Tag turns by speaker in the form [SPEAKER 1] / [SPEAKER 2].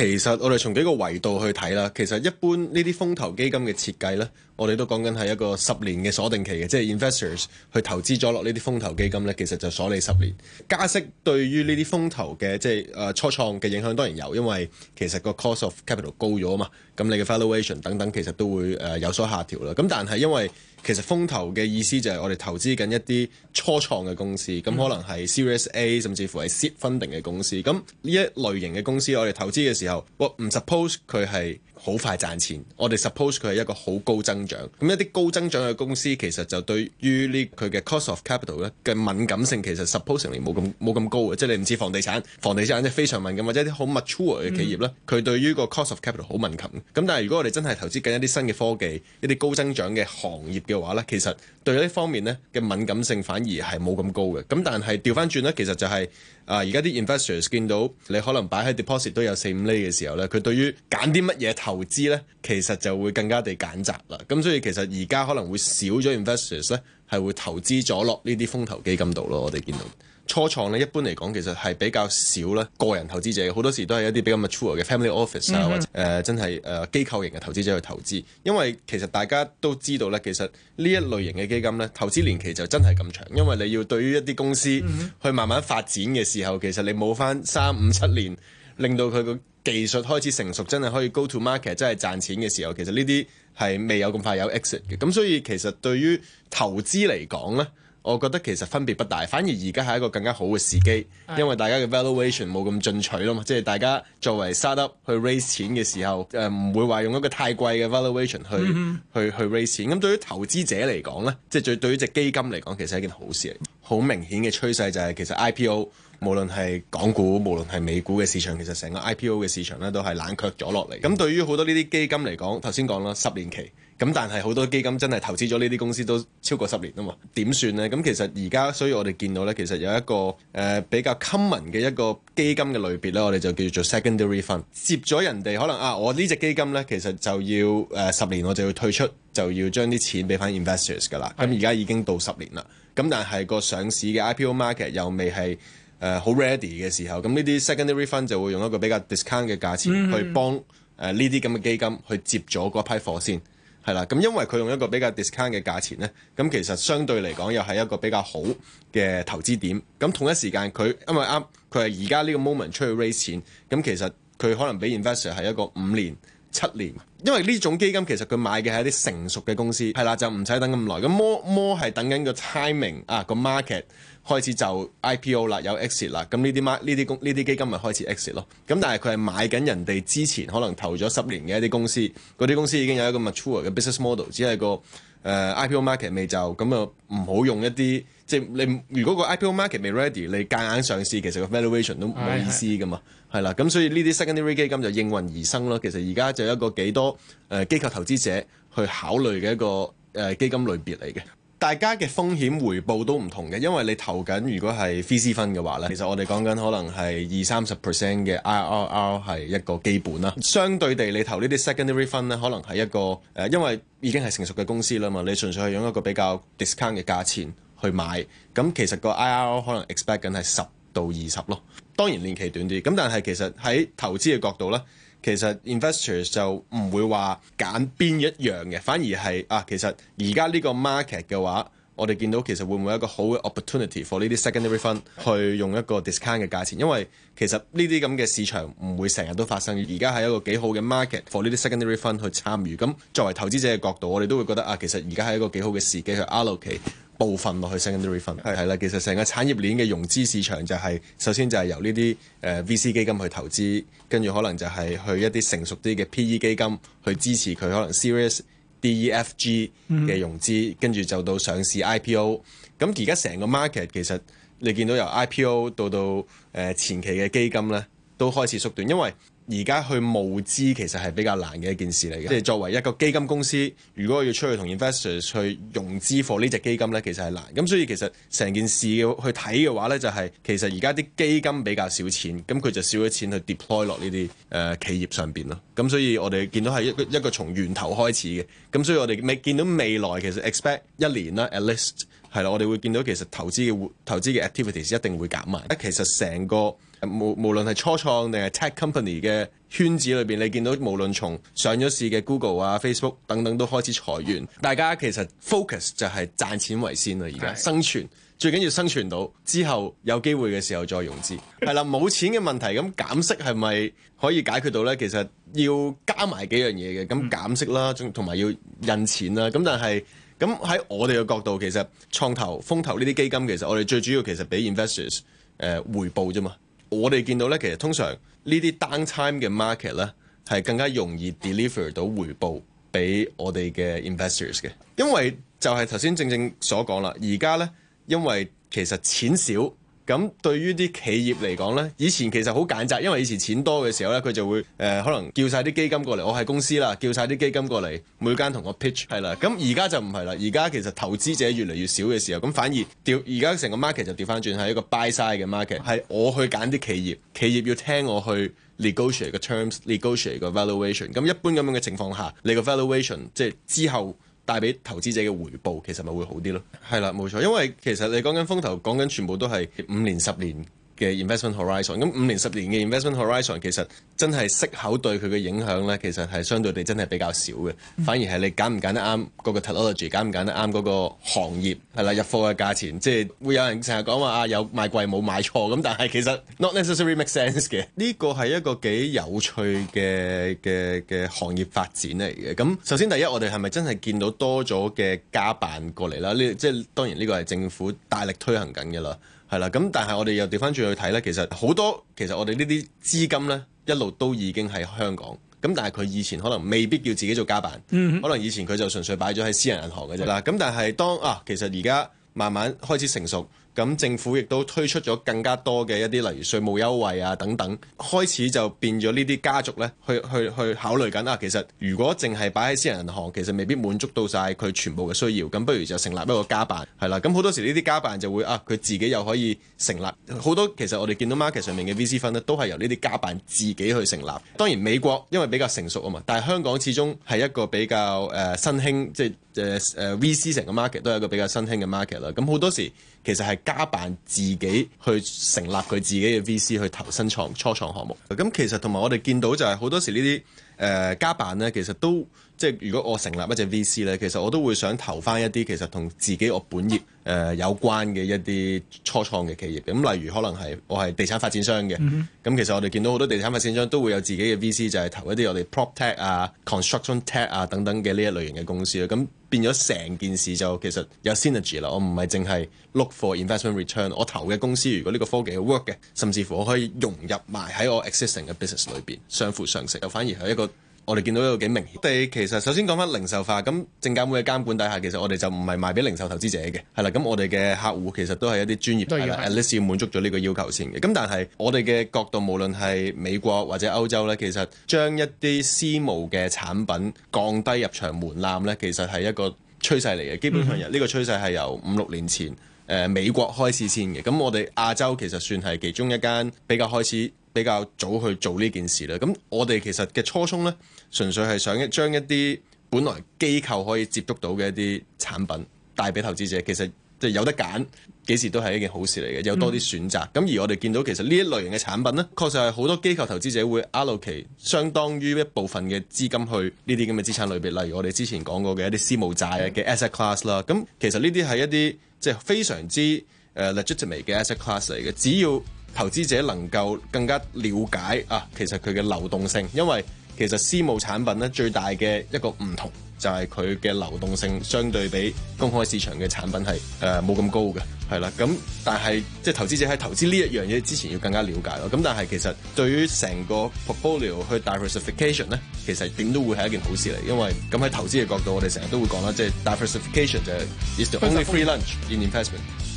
[SPEAKER 1] 其實我哋從幾個維度去睇啦，其實一般呢啲風投基金嘅設計呢，我哋都講緊係一個十年嘅鎖定期嘅，即係 investors 去投資咗落呢啲風投基金呢，其實就鎖你十年。加息對於呢啲風投嘅即係初創嘅影響當然有，因為其實個 cost of capital 高咗啊嘛，咁你嘅 valuation 等等其實都會誒有所下調啦。咁但係因為其實風投嘅意思就係我哋投資緊一啲初創嘅公司，咁可能係 Series A 甚至乎係 Seed Funding 嘅公司。咁呢一類型嘅公司，我哋投資嘅時候，我唔 suppose 佢係好快賺錢，我哋 suppose 佢係一個好高增長。咁一啲高增長嘅公司，其實就對於呢佢嘅 cost of capital 咧嘅敏感性，其實 supposedly 冇咁冇咁高嘅，即係你唔知房地產，房地產即係非常敏感，或者一啲好 mature 嘅企業咧，佢、嗯、對於個 cost of capital 好敏感。咁但係如果我哋真係投資緊一啲新嘅科技，一啲高增長嘅行業嘅話咧，其實對呢方面咧嘅敏感性反而係冇咁高嘅。咁但係調翻轉咧，其實就係、是、啊，而家啲 investors 見到你可能擺喺 deposit 都有四五厘嘅時候咧，佢對於揀啲乜嘢投資咧，其實就會更加地揀擇啦。咁所以其實而家可能會少咗 investors 咧。係會投資咗落呢啲風投基金度咯，我哋見到初創呢，一般嚟講其實係比較少啦。個人投資者，好多時都係一啲比較 mature 嘅 family office 啊、嗯哼，或者誒、呃、真係誒機構型嘅投資者去投資，因為其實大家都知道呢，其實呢一類型嘅基金呢，投資年期就真係咁長，因為你要對於一啲公司去慢慢發展嘅時候，其實你冇翻三五七年，令到佢個。技術開始成熟，真係可以 go to market，真係賺錢嘅時候，其實呢啲係未有咁快有 exit 嘅。咁所以其實對於投資嚟講呢，我覺得其實分別不大。反而而家係一個更加好嘅時機，因為大家嘅、e、valuation 冇咁進取啦嘛，即係大家作為 startup 去 raise 錢嘅時候，誒、呃、唔會話用一個太貴嘅、e、valuation 去、mm hmm. 去去 raise 錢。咁對於投資者嚟講呢，即係對對於隻基金嚟講，其實係一件好事嚟。好明顯嘅趨勢就係其實 IPO 無論係港股無論係美股嘅市場，其實成個 IPO 嘅市場呢都係冷卻咗落嚟。咁、嗯、對於好多呢啲基金嚟講，頭先講啦，十年期。咁但係好多基金真係投資咗呢啲公司都超過十年啊嘛，點算呢？咁其實而家，所以我哋見到呢，其實有一個誒、呃、比較 common 嘅一個基金嘅類別呢，我哋就叫做 secondary fund 接咗人哋可能啊，我呢隻基金呢，其實就要誒十、呃、年我就要退出，就要將啲錢俾翻 investors 噶啦。咁而家已經到十年啦，咁但係個上市嘅 IPO market 又未係誒好 ready 嘅時候，咁呢啲 secondary fund 就會用一個比較 discount 嘅價錢去幫誒呢啲咁嘅基金去接咗嗰批貨先。係啦，咁、嗯、因為佢用一個比較 discount 嘅價錢呢，咁、嗯、其實相對嚟講又係一個比較好嘅投資點。咁、嗯、同一時間佢，因為啱佢係而家呢個 moment 出去 raise 錢，咁、嗯、其實佢可能俾 investor 係一個五年。七年，因為呢種基金其實佢買嘅係一啲成熟嘅公司，係啦，就唔使等咁耐。咁 more more 係等緊個 timing 啊，個 market 開始就 IPO 啦，有 exit 啦。咁呢啲呢啲公呢啲基金咪開始 exit 咯。咁但係佢係買緊人哋之前可能投咗十年嘅一啲公司，嗰啲公司已經有一個 mature 嘅 business model，只係個。誒、uh, IPO market 未就咁啊，唔好用一啲即係你如果個 IPO market 未 ready，你夾硬上市，其實個 valuation 都冇意思㗎嘛，係啦的，咁所以呢啲 secondary 基金就應運而生咯。其實而家就有一個幾多誒、呃、機構投資者去考慮嘅一個誒、呃、基金類別嚟嘅。大家嘅風險回報都唔同嘅，因為你投緊如果係 VC fund 嘅話呢，其實我哋講緊可能係二三十 percent 嘅 IRR 係一個基本啦。相對地，你投呢啲 secondary fund 呢，可能係一個誒、呃，因為已經係成熟嘅公司啦嘛，你純粹係用一個比較 discount 嘅價錢去買咁，其實個 IRR 可能 expect 緊係十到二十咯。當然年期短啲咁，但係其實喺投資嘅角度呢。其實 investors 就唔會話揀邊一樣嘅，反而係啊，其實而家呢個 market 嘅話，我哋見到其實會唔會一個好嘅 opportunity for 呢啲 secondary fund 去用一個 discount 嘅價錢？因為其實呢啲咁嘅市場唔會成日都發生，而家係一個幾好嘅 market for 呢啲 secondary fund 去參與。咁作為投資者嘅角度，我哋都會覺得啊，其實而家係一個幾好嘅時機去 allocate 部分落去 secondary fund 係啦，其實成個產業鏈嘅融資市場就係、是、首先就係由呢啲誒 VC 基金去投資，跟住可能就係去一啲成熟啲嘅 PE 基金去支持佢可能 series DEFG 嘅融資，跟住就到上市 IPO。咁而家成個 market 其實你見到由 IPO 到到誒、呃、前期嘅基金咧，都開始縮短，因為，而家去募資其實係比較難嘅一件事嚟嘅，即係作為一個基金公司，如果要出去同 investors 去融資，為呢隻基金呢，其實係難。咁所以其實成件事嘅去睇嘅話呢，就係、是、其實而家啲基金比較少錢，咁佢就少咗錢去 deploy 落呢啲誒、呃、企業上邊咯。咁所以我哋見到係一一個從源頭開始嘅。咁所以我哋未見到未來其實 expect 一年啦，at least 係啦，我哋會見到其實投資嘅投資嘅 activities 一定會減慢。其實成個無無論係初創定係 tech company 嘅圈子裏邊，你見到無論從上咗市嘅 Google 啊、Facebook 等等都開始裁員，大家其實 focus 就係賺錢為先啦，而家生存最緊要生存到之後有機會嘅時候再融資，係 啦，冇錢嘅問題，咁減息係咪可以解決到呢？其實要加埋幾樣嘢嘅，咁減息啦，同埋要印錢啦，咁但係咁喺我哋嘅角度，其實創投、風投呢啲基金，其實我哋最主要其實俾 investors 誒、呃、回報啫嘛。我哋見到咧，其實通常呢啲 down time 嘅 market 咧，係更加容易 deliver 到回報俾我哋嘅 investors 嘅，因為就係頭先正正所講啦，而家咧，因為其實錢少。咁對於啲企業嚟講呢，以前其實好簡單，因為以前錢多嘅時候呢，佢就會誒、呃、可能叫晒啲基金過嚟，我係公司啦，叫晒啲基金過嚟，每間同我 pitch 係啦。咁而家就唔係啦，而家其實投資者越嚟越少嘅時候，咁反而調而家成個 market 就調翻轉係一個 buy side 嘅 market，係我去揀啲企業，企業要聽我去 negotiate 嘅 terms，negotiate 嘅 valuation。咁一般咁樣嘅情況下，你個 valuation 即係之後，帶俾投資者嘅回報，其實咪會好啲咯。係啦，冇錯，因為其實你講緊風投，講緊全部都係五年、十年嘅 investment horizon，咁五年十年嘅 investment horizon 其實真係息口對佢嘅影響咧，其實係相對地真係比較少嘅，反而係你揀唔揀得啱嗰個 technology，揀唔揀得啱嗰個行業，係啦，入貨嘅價錢，即係會有人成日講話啊有賣貴冇買錯，咁，但係其實 not necessarily makes sense 嘅。呢個係一個幾有趣嘅嘅嘅行業發展嚟嘅。咁首先第一，我哋係咪真係見到多咗嘅家辦過嚟啦？呢即係當然呢個係政府大力推行緊嘅啦。係啦，咁但係我哋又調翻轉去睇呢。其實好多其實我哋呢啲資金呢，一路都已經喺香港，咁但係佢以前可能未必要自己做家辦，嗯、哼可能以前佢就純粹擺咗喺私人銀行嘅啫啦。咁的但係當啊，其實而家慢慢開始成熟。咁政府亦都推出咗更加多嘅一啲，例如稅務優惠啊等等，開始就變咗呢啲家族咧，去去去考慮緊啊。其實如果淨係擺喺私人銀行，其實未必滿足到晒佢全部嘅需要。咁不如就成立一個家辦係啦。咁好多時呢啲家辦就會啊，佢自己又可以成立好多。其實我哋見到 market 上面嘅 VC fund 咧，都係由呢啲家辦自己去成立。當然美國因為比較成熟啊嘛，但係香港始終係一個比較誒、呃、新興即。誒誒 VC 成個 market 都係一個比較新興嘅 market 啦、嗯，咁好多時其實係家辦自己去成立佢自己嘅 VC 去投新創初創項目，咁、嗯、其實同埋我哋見到就係、是、好多時、呃、辦呢啲誒家辦呢，其實都。即係如果我成立一隻 VC 呢，其實我都會想投翻一啲其實同自己我本業誒、呃、有關嘅一啲初創嘅企業。咁、嗯、例如可能係我係地產發展商嘅，咁、mm hmm. 嗯、其實我哋見到好多地產發展商都會有自己嘅 VC，就係投一啲我哋 PropTech 啊、ConstructionTech 啊等等嘅呢一類型嘅公司咁、嗯、變咗成件事就其實有 synergy 啦。我唔係淨係 look for investment return。我投嘅公司如果呢個科技係 work 嘅，甚至乎我可以融入埋喺我 existing 嘅 business 裏邊，相輔相成，又反而係一個。我哋見到有幾明顯。我哋其實首先講翻零售化，咁證監會嘅監管底下，其實我哋就唔係賣俾零售投資者嘅，係啦。咁我哋嘅客戶其實都係一啲專業，係啦對，at least 要滿足咗呢個要求先嘅。咁但係我哋嘅角度，無論係美國或者歐洲呢，其實將一啲私募嘅產品降低入場門檻呢，其實係一個趨勢嚟嘅。基本上，呢個趨勢係由五六年前。誒、呃、美國開始先嘅，咁我哋亞洲其實算係其中一間比較開始、比較早去做呢件事啦。咁我哋其實嘅初衷呢，純粹係想將一啲本來機構可以接觸到嘅一啲產品帶俾投資者，其實。即係有得揀，幾時都係一件好事嚟嘅，有多啲選擇。咁、嗯、而我哋見到其實呢一類型嘅產品咧，確實係好多機構投資者會 Allocate 相當於一部分嘅資金去呢啲咁嘅資產類別，例如我哋之前講過嘅一啲私募債嘅 Asset Class 啦。咁、嗯、其實呢啲係一啲即係非常之誒 Legitimate 嘅 Asset Class 嚟嘅，只要投資者能夠更加了解啊，其實佢嘅流動性，因為其實私募產品咧最大嘅一個唔同。就係佢嘅流動性相對比公開市場嘅產品係誒冇咁高嘅，係啦。咁但係即係投資者喺投資呢一樣嘢之前要更加了解咯。咁但係其實對於成個 portfolio 去 diversification 咧，其實點都會係一件好事嚟，因為咁喺投資嘅角度，我哋成日都會講啦，即係 diversification 就係 the only free lunch in investment。